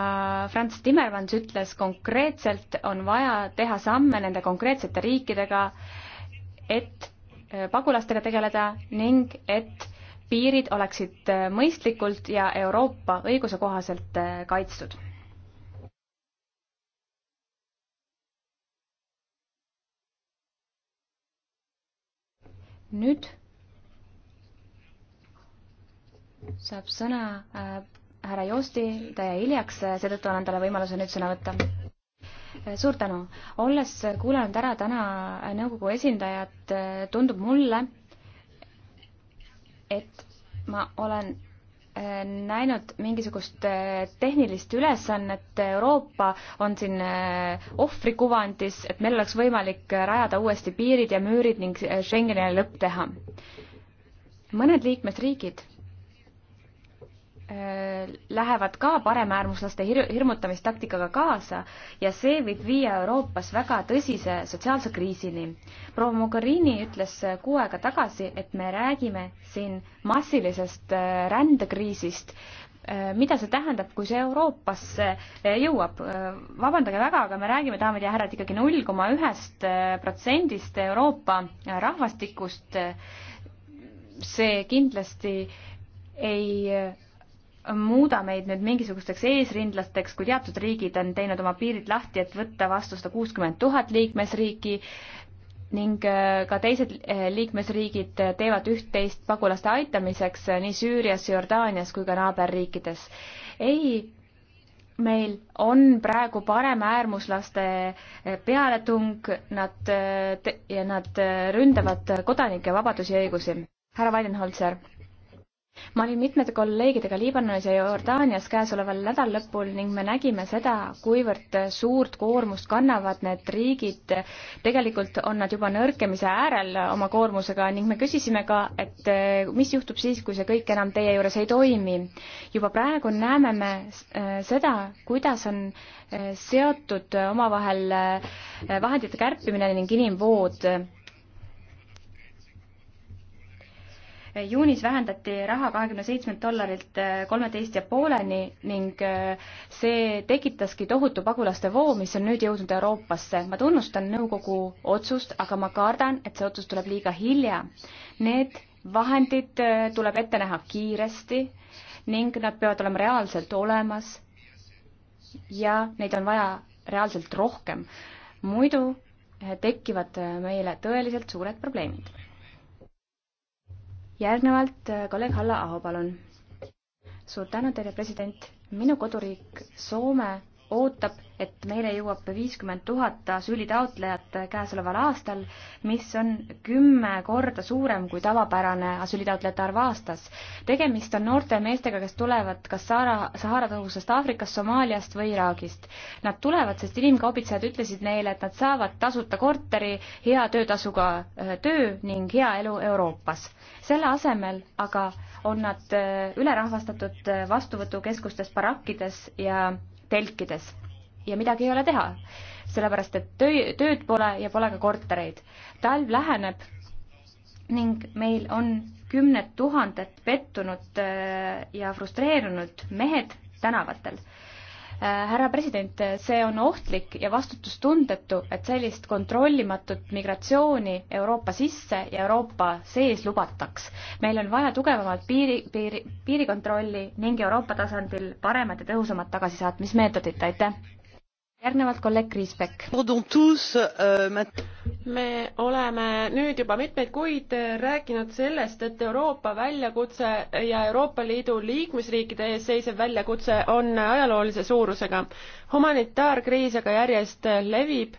Franz Timmermans ütles konkreetselt, on vaja teha samme nende konkreetsete riikidega, et Äh, pagulastega tegeleda ning et piirid oleksid äh, mõistlikult ja Euroopa õiguse kohaselt äh, kaitstud. nüüd saab sõna härra Joosti, ta jäi hiljaks, seetõttu annan talle võimaluse nüüd sõna võtta suur tänu. olles kuulanud ära täna nõukogu esindajat, tundub mulle, et ma olen äh, näinud mingisugust äh, tehnilist ülesannet, Euroopa on siin äh, ohvrikuvandis, et meil oleks võimalik rajada uuesti piirid ja müürid ning Schengenile lõpp teha. mõned liikmesriigid Äh, lähevad ka paremäärmuslaste hir-, hirmutamistaktikaga kaasa ja see võib viia Euroopas väga tõsise sotsiaalse kriisini. proua Mogherini ütles kuu aega tagasi, et me räägime siin massilisest äh, rändekriisist, äh, mida see tähendab, kui see Euroopasse jõuab? vabandage väga, aga me räägime, daamid ja härrad, ikkagi null koma ühest protsendist Euroopa rahvastikust. see kindlasti ei muuda meid nüüd mingisugusteks eesrindlasteks, kui teatud riigid on teinud oma piirid lahti, et võtta vastu sada kuuskümmend tuhat liikmesriiki ning äh, ka teised äh, liikmesriigid teevad üht-teist pagulaste aitamiseks äh, nii Süürias, Jordaanias kui ka naaberriikides. ei, meil on praegu paremäärmuslaste pealetung, nad, nad ründavad kodanike vabadusi ja õigusi. härra Weidenholzer ma olin mitmete kolleegidega Liibanonis ja Jordaanias käesoleval nädalalõpul ning me nägime seda, kuivõrd suurt koormust kannavad need riigid. tegelikult on nad juba nõrkemise äärel oma koormusega ning me küsisime ka, et eh, mis juhtub siis, kui see kõik enam teie juures ei toimi. juba praegu näeme me eh, seda, kuidas on eh, seotud omavahel vahendite kärpimine ning inimvood juunis vähendati raha kahekümne seitsmelt dollarilt äh, kolmeteist ja pooleni ning äh, see tekitaski tohutu pagulaste voo, mis on nüüd jõudnud Euroopasse. ma tunnustan nõukogu otsust, aga ma kardan, et see otsus tuleb liiga hilja. Need vahendid äh, tuleb ette näha kiiresti ning nad peavad olema reaalselt olemas ja neid on vaja reaalselt rohkem. muidu tekivad meile tõeliselt suured probleemid järgnevalt äh, kolleeg Halla Aho, palun. suur tänu teile, president. minu koduriik Soome ootab, et meile jõuab viiskümmend tuhat asüülitaotlejat käesoleval aastal, mis on kümme korda suurem kui tavapärane asüülitaotlejate arv aastas. tegemist on noorte meestega, kes tulevad kas Sahara, Sahara tõhusast Aafrikast, Somaaliast või Iraagist. Nad tulevad, sest inimkaubitsejad ütlesid neile, et nad saavad tasuta korteri, hea töötasuga äh, töö ning hea elu Euroopas. selle asemel aga on nad äh, ülerahvastatud äh, vastuvõtukeskustes, barakkides ja telkides ja midagi ei ole teha, sellepärast et töö, tööd pole ja pole ka kortereid. talv läheneb ning meil on kümned tuhanded pettunud äh, ja frustreerunud mehed tänavatel Äh, härra president, see on ohtlik ja vastutustundetu, et sellist kontrollimatut migratsiooni Euroopa sisse ja Euroopa sees lubataks. meil on vaja tugevamat piiri, piiri, piirikontrolli ning Euroopa tasandil paremat ja tõhusamat tagasisaatmismeetodit, aitäh! järgnevalt kolleeg Kriisbeck. Euh, me oleme nüüd juba mitmeid kuid rääkinud sellest, et Euroopa väljakutse ja Euroopa Liidu liikmesriikide ees seisev väljakutse on ajaloolise suurusega. humanitaarkriis aga järjest levib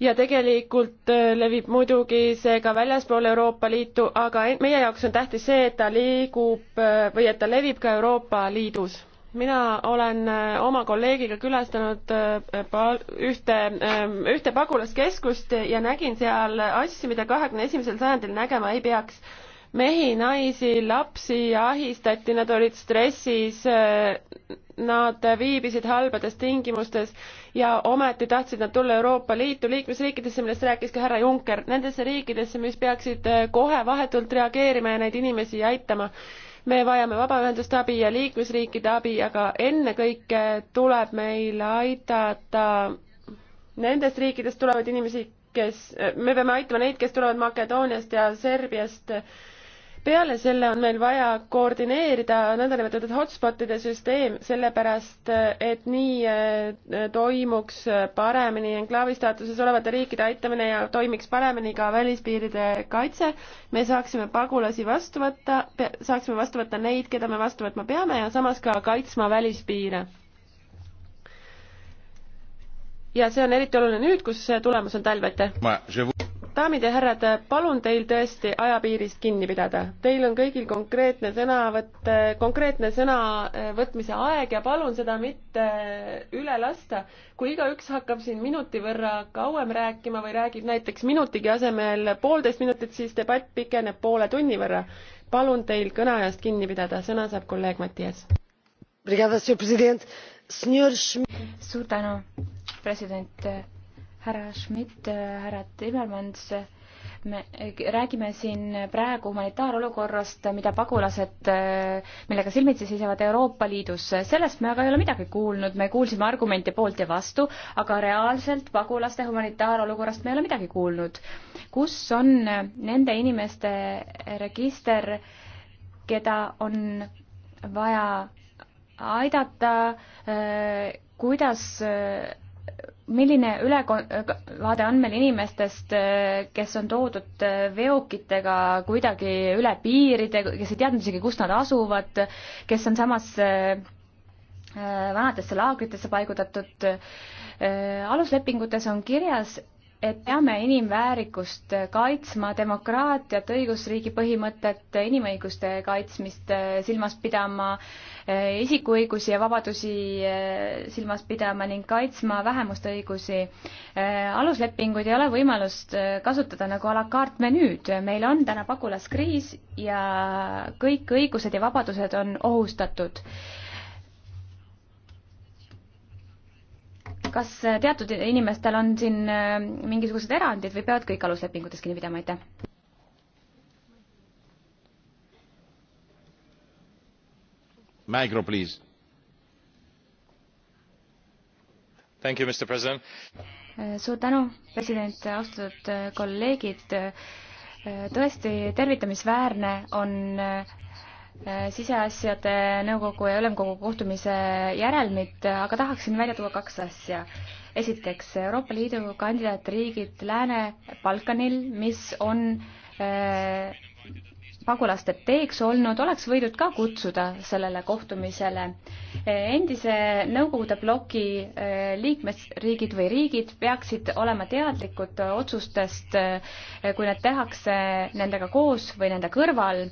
ja tegelikult äh, levib muidugi see ka väljaspool Euroopa Liitu, aga meie jaoks on tähtis see, et ta liigub äh, või et ta levib ka Euroopa Liidus mina olen äh, oma kolleegiga külastanud äh, ühte, ähm, ühte pagulaskeskust ja nägin seal asju, mida kahekümne esimesel sajandil nägema ei peaks. mehi, naisi, lapsi ahistati, nad olid stressis, äh, nad viibisid halbades tingimustes ja ometi tahtsid nad tulla Euroopa Liitu liikmesriikidesse, millest rääkis ka härra Juncker, nendesse riikidesse, mis peaksid kohe vahetult reageerima ja neid inimesi aitama me vajame vabaühenduste abi ja liikmesriikide abi, aga ennekõike tuleb meil aidata nendest riikidest tulevaid inimesi, kes, me peame aitama neid, kes tulevad Makedooniast ja Serbiast peale selle on meil vaja koordineerida nõndanimetatud hotspotide süsteem, sellepärast et nii äh, toimuks paremini enklaavi staatuses olevate riikide aitamine ja toimiks paremini ka välispiiride kaitse. me saaksime pagulasi vastu võtta, saaksime vastu võtta neid, keda me vastu võtma peame ja samas ka kaitsma välispiire ja see on eriti oluline nüüd, kus tulemas on talv, aitäh! daamid ja härrad, palun teil tõesti ajapiirist kinni pidada. Teil on kõigil konkreetne sõnavõtt, konkreetne sõnavõtmise eh, aeg ja palun seda mitte eh, üle lasta. kui igaüks hakkab siin minuti võrra kauem rääkima või räägib näiteks minutigi asemel poolteist minutit, siis debatt pikeneb poole tunni võrra. palun teil kõneajast kinni pidada, sõna saab kolleeg Mattias. suur tänu, president härra Schmidt, härra Timmermans, me räägime siin praegu humanitaarolukorrast, mida pagulased, millega silmitsi seisavad Euroopa Liidus. sellest me aga ei ole midagi kuulnud, me kuulsime argumente poolt ja vastu, aga reaalselt pagulaste humanitaarolukorrast me ei ole midagi kuulnud. kus on nende inimeste register, keda on vaja aidata, kuidas milline ülevaade on meil inimestest, kes on toodud veokitega kuidagi üle piiride, kes ei teadnud isegi, kus nad asuvad, kes on samas äh, äh, vanadesse laagritesse paigutatud. Äh, aluslepingutes on kirjas, et peame inimväärikust kaitsma, demokraatiat, õigusriigi põhimõtet, inimõiguste kaitsmist silmas pidama, isikuõigusi ja vabadusi silmas pidama ning kaitsma vähemuste õigusi. aluslepinguid ei ole võimalust kasutada nagu a la carte menüüd. meil on täna pagulaskriis ja kõik õigused ja vabadused on ohustatud kas teatud inimestel on siin äh, mingisugused erandid või peavad kõik aluslepingutes kinni pidama, aitäh? Micro, please. Thank you, Mr President. Äh, suur tänu, president, austatud äh, kolleegid tõesti tervitamisväärne on Äh, siseasjade nõukogu ja ülemkogu kohtumise järelmid, aga tahaksin välja tuua kaks asja. esiteks, Euroopa Liidu kandidaatriigid Lääne-Balkanil, mis on äh, pagulaste teeks olnud, oleks võidud ka kutsuda sellele kohtumisele. Äh, endise Nõukogude bloki äh, liikmesriigid või riigid peaksid olema teadlikud otsustest, kui need tehakse nendega koos või nende kõrval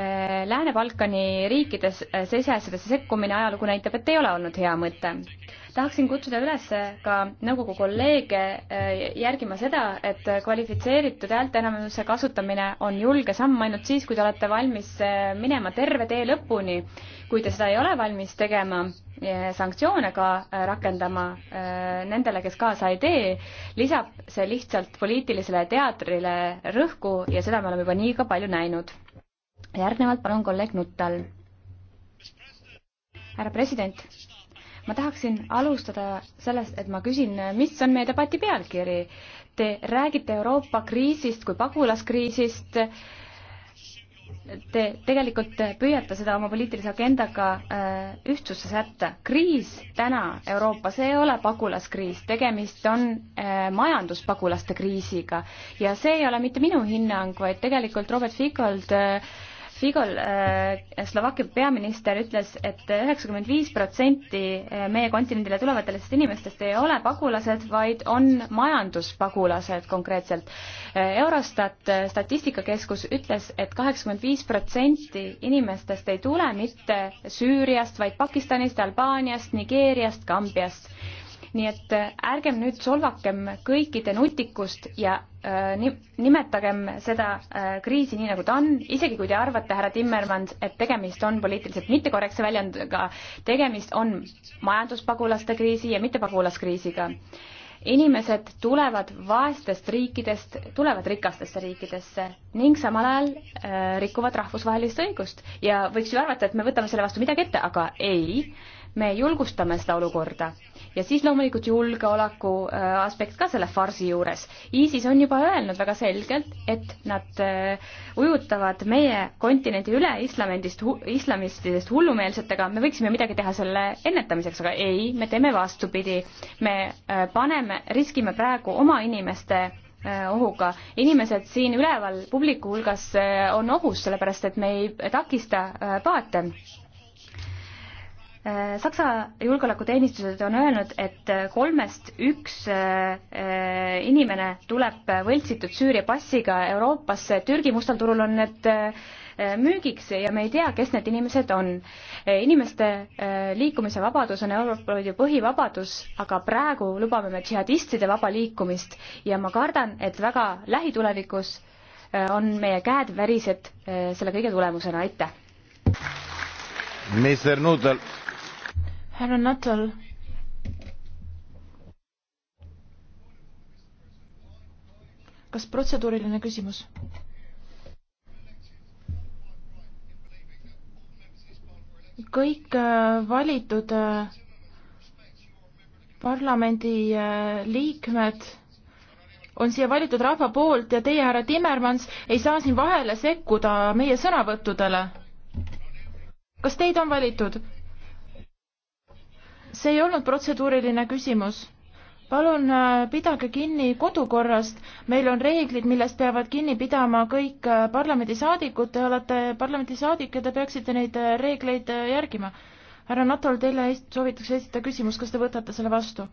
Äh, Lääne-Balkani riikides äh, siseasjadesse sekkumine ajalugu näitab, et ei ole olnud hea mõte. tahaksin kutsuda üles äh, ka nõukogu kolleege järgima seda, et kvalifitseeritud häälteenamuse kasutamine on julge samm ainult siis, kui te olete valmis minema terve tee lõpuni. kui te seda ei ole valmis tegema, sanktsioone ka rakendama nendele, kes kaasa ei tee, lisab see lihtsalt poliitilisele teatrile rõhku ja seda me oleme juba nii ka palju näinud järgnevalt palun kolleeg Nuttal. härra president, ma tahaksin alustada sellest, et ma küsin, mis on meie debati pealkiri. Te räägite Euroopa kriisist kui pagulaskriisist te tegelikult püüate seda oma poliitilise agendaga äh, ühtsusse sätta. kriis täna Euroopas ei ole pagulaskriis, tegemist on äh, majanduspagulaste kriisiga ja see ei ole mitte minu hinnang, vaid tegelikult Robert Ficold äh, Figol äh,, Slovakkia peaminister ütles et, et üheksakümmend viis protsenti äh, meie kontinendile tulevatest inimestest ei ole pagulased, vaid on majanduspagulased konkreetselt. Äh, Eurostat äh, statistikakeskus ütles et, et kaheksakümmend viis protsenti inimestest ei tule mitte Süüriast, vaid Pakistanist, Albaaniast, Nigeeriast, Kambiast nii et äh, ärgem nüüd solvakem kõikide nutikust ja äh, nimetagem seda äh, kriisi nii, nagu ta on, isegi kui te arvate, härra Timmermans, et tegemist on poliitiliselt mittekorrektse väljendiga, tegemist on majanduspagulaste kriisi ja mittepagulaskriisiga inimesed tulevad vaestest riikidest, tulevad rikastesse riikidesse ning samal ajal äh, rikuvad rahvusvahelist õigust ja võiks ju arvata, et me võtame selle vastu midagi ette, aga ei, me julgustame seda olukorda ja siis loomulikult julgeoleku äh, aspekt ka selle farsi juures. ISIS on juba öelnud väga selgelt, et nad äh, ujutavad meie kontinendi üle islamendist, islamistidest hullumeelsetega, me võiksime midagi teha selle ennetamiseks, aga ei, me teeme vastupidi. me äh, paneme, riskime praegu oma inimeste ohuga. inimesed siin üleval publiku hulgas on ohus, sellepärast et me ei takista paate Saksa julgeolekuteenistused on öelnud, et kolmest üks äh, äh, inimene tuleb võltsitud Süüria passiga Euroopasse, Türgi mustal turul on need äh, müügiks ja me ei tea, kes need inimesed on. inimeste liikumise vabadus on Euroopa Liidu põhivabadus, aga praegu lubame me džihadistide vaba liikumist ja ma kardan, et väga lähitulevikus on meie käed värised selle kõige tulemusena, aitäh! Mr Nuttall härra Natal. kas protseduuriline küsimus? kõik äh, valitud äh, parlamendi äh, liikmed on siia valitud rahva poolt ja teie, härra Timmermans, ei saa siin vahele sekkuda meie sõnavõttudele. kas teid on valitud? see ei olnud protseduuriline küsimus. palun äh, pidage kinni kodukorrast, meil on reeglid, millest peavad kinni pidama kõik äh, parlamendisaadikud, te olete parlamendisaadik ja te peaksite neid äh, reegleid järgima. härra Natol, teile soovitakse esitada küsimus, kas te võtate selle vastu?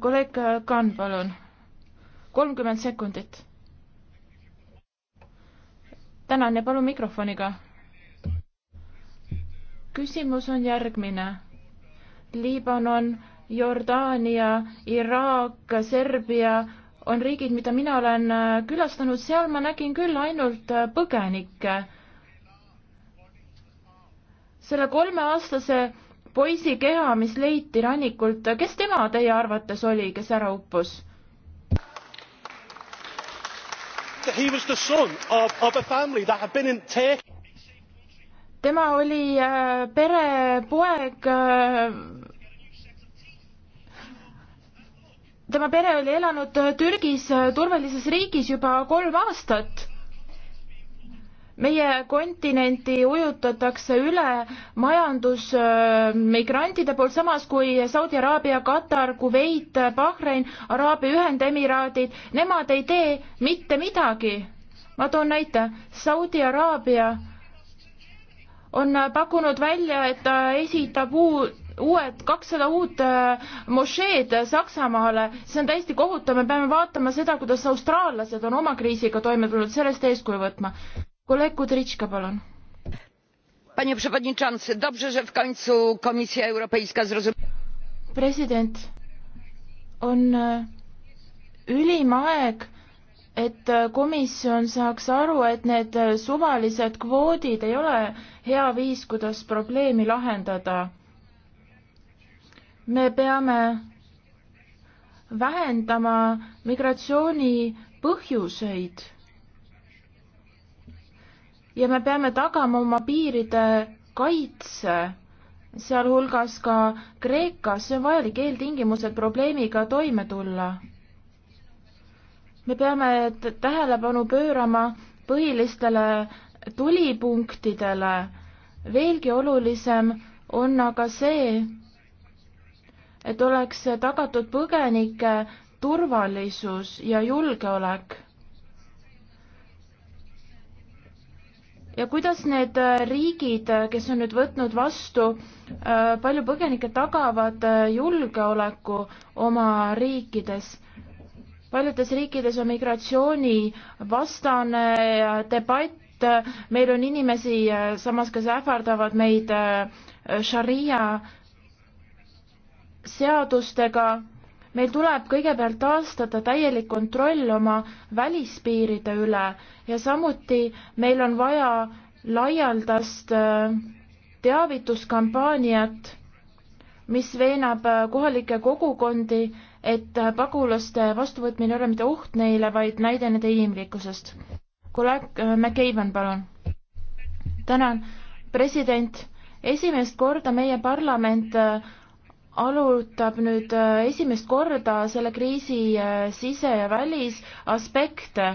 kolleeg Kann, palun. kolmkümmend sekundit. tänan ja palun mikrofoniga. küsimus on järgmine Liibanon, Jordaania, Iraak, Serbia on riigid, mida mina olen äh, külastanud, seal ma nägin küll ainult äh, põgenikke. selle kolmeaastase poisi keha, mis leiti rannikult, äh, kes tema teie arvates oli, kes ära uppus? tema oli perepoeg tema pere oli elanud Türgis turvalises riigis juba kolm aastat. meie kontinenti ujutatakse üle majandusmigrantide poolt, samas kui Saudi Araabia, Katar, Kuveit, Bahrein, Araabia Ühendemiraadid, nemad ei tee mitte midagi. ma toon näite, Saudi Araabia on pakkunud välja, et ta esitab uut uued, kakssada uut äh, mošeed Saksamaale, see on täiesti kohutav, me peame vaatama seda, kuidas austraallased on oma kriisiga toime tulnud, sellest eeskuju võtma. kolleeg Kudritška, palun. Panie przewodniczący, dobrze, że w końcu Komisja Europejska zrozumiała. president, on äh, ülim aeg, et äh, komisjon saaks aru, et need suvalised kvoodid ei ole hea viis, kuidas probleemi lahendada me peame vähendama migratsiooni põhjuseid ja me peame tagama oma piiride kaitse, sealhulgas ka Kreekas, see on vajalik eeltingimus, et probleemiga toime tulla. me peame tähelepanu pöörama põhilistele tulipunktidele, veelgi olulisem on aga see, et oleks tagatud põgenike turvalisus ja julgeolek. ja kuidas need riigid, kes on nüüd võtnud vastu äh, palju põgenikke, tagavad äh, julgeoleku oma riikides? paljudes riikides on migratsioonivastane debatt, meil on inimesi, äh, samas kes ähvardavad meid šaria seadustega meil tuleb kõigepealt taastada täielik kontroll oma välispiiride üle ja samuti meil on vaja laialdast äh, teavituskampaaniat, mis veenab äh, kohalikke kogukondi, et äh, pagulaste vastuvõtmine ei ole mitte oht neile, vaid näide nende inimlikkusest. kolleeg McCaven, palun. tänan, president. esimest korda meie parlament alutab nüüd äh, esimest korda selle kriisi äh, sise- ja välisaspekte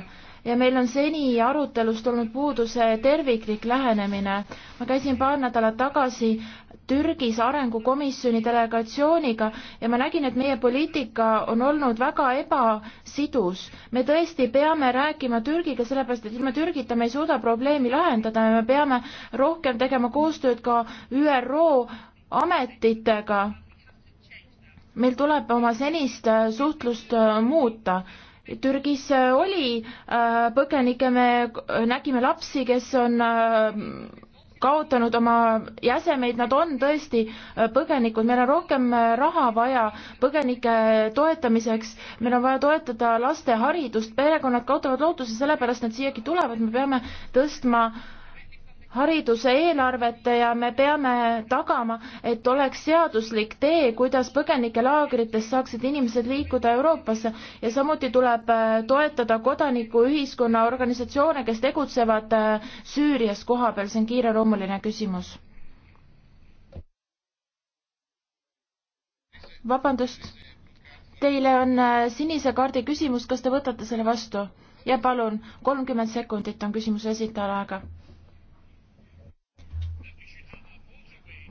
ja meil on seni arutelust olnud puudu see terviklik lähenemine. ma käisin paar nädalat tagasi Türgis arengukomisjoni delegatsiooniga ja ma nägin, et meie poliitika on olnud väga ebasidus. me tõesti peame rääkima Türgiga, sellepärast et ilma Türgita me ei suuda probleemi lahendada ja me peame rohkem tegema koostööd ka ÜRO ametitega meil tuleb oma senist äh, suhtlust äh, muuta. Türgis äh, oli põgenikke, me nägime lapsi, kes on kaotanud oma jäsemeid, nad on tõesti põgenikud, meil on rohkem raha vaja põgenike toetamiseks, meil on vaja toetada laste haridust, perekonnad kaotavad lootuse, sellepärast nad siiagi tulevad, me peame tõstma äh, hariduse eelarvet ja me peame tagama, et oleks seaduslik tee, kuidas põgenikelaagritest saaksid inimesed liikuda Euroopasse ja samuti tuleb äh, toetada kodanikuühiskonna organisatsioone, kes tegutsevad äh, Süürias kohapeal, see on kiireloomuline küsimus. vabandust, teile on äh, sinise kaardi küsimus, kas te võtate selle vastu? ja palun, kolmkümmend sekundit on küsimuse esitajal aega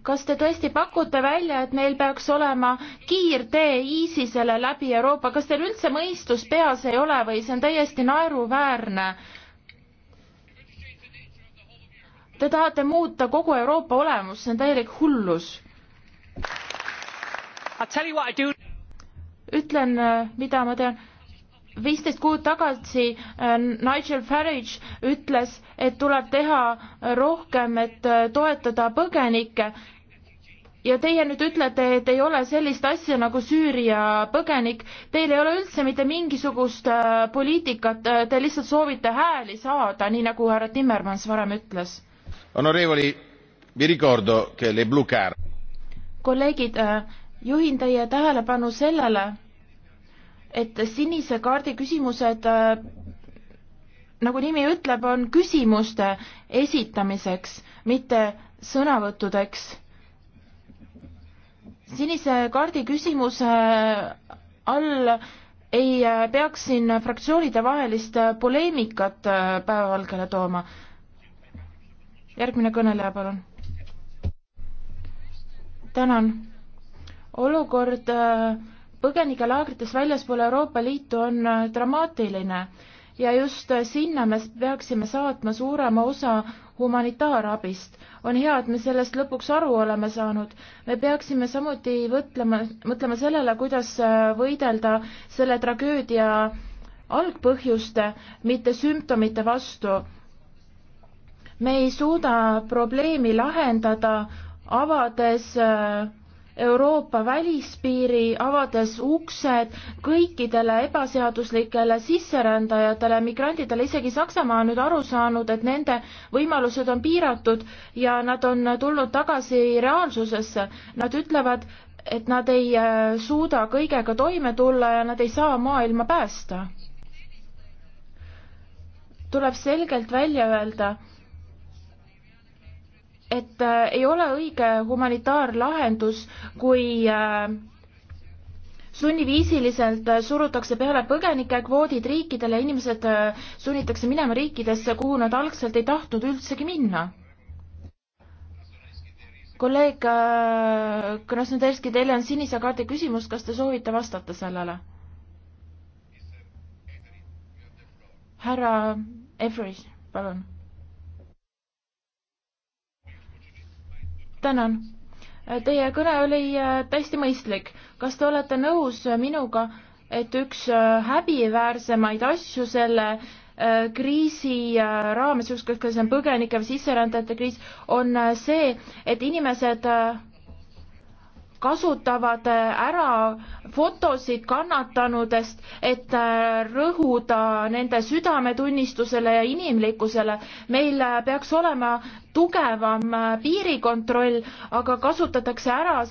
kas te tõesti pakute välja, et meil peaks olema kiirtee ISISele läbi Euroopa, kas teil üldse mõistus peas ei ole või see on täiesti naeruväärne? Te tahate muuta kogu Euroopa olemust, see on täielik hullus. ütlen, äh, mida ma tean viisteist kuud tagasi äh, Nigel Farage ütles, et tuleb teha rohkem, et äh, toetada põgenikke. ja teie nüüd ütlete, et ei ole sellist asja nagu Süüria põgenik, teil ei ole üldse mitte mingisugust äh, poliitikat, te lihtsalt soovite hääli saada, nii nagu härra Timmermans varem ütles. Honorevoli, vi ricordo che le blu car- kolleegid, juhin teie tähelepanu sellele, et sinise kaardi küsimused äh, nagu nimi ütleb, on küsimuste esitamiseks, mitte sõnavõttudeks. sinise kaardi küsimuse all ei äh, peaks siin fraktsioonide vahelist äh, poleemikat päevavalgele tooma. järgmine kõneleja, palun. tänan. olukord äh, põgenikelaagrites väljaspool Euroopa Liitu on äh, dramaatiline ja just äh, sinna me peaksime saatma suurema osa humanitaarabist. on hea, et me sellest lõpuks aru oleme saanud. me peaksime samuti mõtlema, mõtlema sellele, kuidas äh, võidelda selle tragöödia algpõhjuste, mitte sümptomite vastu. me ei suuda probleemi lahendada, avades äh, Euroopa välispiiri, avades uksed kõikidele ebaseaduslikele sisserändajatele, migrantidele, isegi Saksamaa on nüüd aru saanud, et nende võimalused on piiratud ja nad on tulnud tagasi reaalsusesse. Nad ütlevad, et nad ei äh, suuda kõigega toime tulla ja nad ei saa maailma päästa. tuleb selgelt välja öelda et äh, ei ole õige humanitaarlahendus, kui äh, sunniviisiliselt äh, surutakse peale põgenikekvoodid riikidele, inimesed sunnitakse minema riikidesse, kuhu nad algselt ei tahtnud üldsegi minna. kolleeg Krasnodelski, teile on sinise kaardi küsimus, kas te soovite vastata sellele? härra Everis, palun tänan. Teie kõne oli äh, täiesti mõistlik. kas te olete nõus äh, minuga, et üks äh, häbiväärsemaid asju selle kriisi raames, ükskõik kas see on põgenike või sisserändajate kriis, on see, et inimesed kasutavad äh, ära fotosid kannatanudest, et äh, rõhuda nende südametunnistusele ja inimlikkusele. meil äh, peaks olema tugevam piirikontroll, aga kasutatakse ära